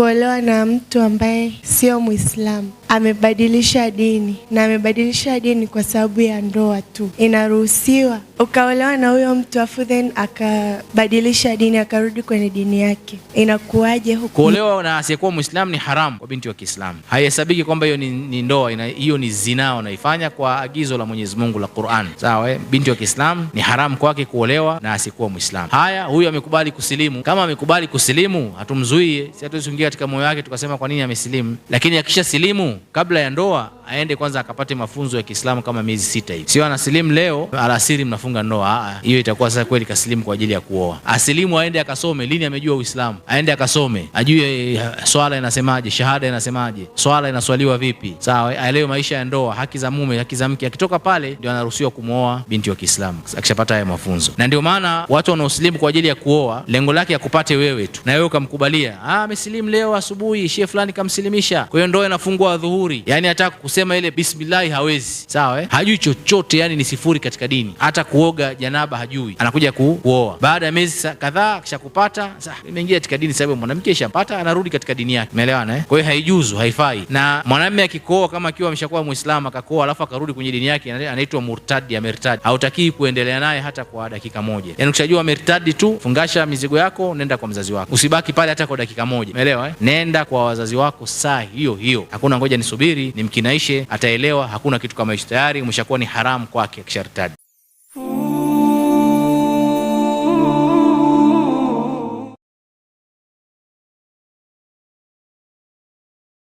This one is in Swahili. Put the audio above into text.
kuolewa na mtu ambaye sio Muislamu amebadilisha dini na amebadilisha dini kwa sababu ya ndoa tu. Inaruhusiwa ukaolewa na huyo mtu afu then akabadilisha dini akarudi kwenye dini yake, inakuwaje huko? Kuolewa na asiyekuwa Muislam ni haramu kwa binti wa Kiislamu, haihesabiki kwamba hiyo ni, ni ndoa. Hiyo ni zinaa wanaifanya kwa agizo la Mwenyezi Mungu la Qur'an, sawa eh? Binti wa Kiislamu ni haramu kwake kuolewa na asiyekuwa Muislamu. Haya, huyu amekubali kusilimu. Kama amekubali kusilimu, hatumzuie, si hatuwezi kuingia katika moyo wake tukasema kwa nini amesilimu, lakini akisha silimu kabla ya ndoa aende kwanza akapate mafunzo ya Kiislamu kama miezi sita hivi. Sio anasilimu leo alasiri mnafunga ndoa, ah, ah, hiyo itakuwa sasa kweli kasilimu kwa ajili ya kuoa. Asilimu ah, aende akasome, lini amejua Uislamu, aende akasome, ajue eh, swala inasemaje, shahada inasemaje, swala inaswaliwa vipi, sawa, aelewe maisha ya ndoa, haki za mume, haki za mke. Akitoka pale ndio anaruhusiwa kumwoa binti wa Kiislamu akishapata haya mafunzo. Na ndio maana watu wanaosilimu kwa ajili ya kuoa, lengo lake akupate wewe tu, na wewe ukamkubalia. Ah, amesilimu leo asubuhi, shehe fulani kamsilimisha, kwa hiyo ndoa inafungua adhu dhuhuri, yani hata kusema ile bismillah hawezi, sawa eh? Hajui chochote, yani ni sifuri katika dini, hata kuoga janaba hajui, anakuja ku, kuoa baada ya miezi kadhaa, kisha kupata sasa imeingia katika dini, sababu mwanamke ishampata, anarudi katika dini yake, umeelewana eh? Kwa hiyo haijuzu, haifai. Na mwanamume akikooa kama akiwa ameshakuwa Muislamu akakooa alafu akarudi kwenye dini yake, anaitwa murtadi, amertadi, hautakii kuendelea naye hata kwa dakika moja. Yani ukishajua amertadi tu, fungasha mizigo yako, nenda kwa mzazi wako, usibaki pale hata kwa dakika moja, umeelewa eh? Nenda kwa wazazi wako saa hiyo hiyo, hakuna ngoja nisubiri nimkinaishe, ataelewa. Hakuna kitu kama hicho, tayari umeshakuwa ni haramu kwake kishartaji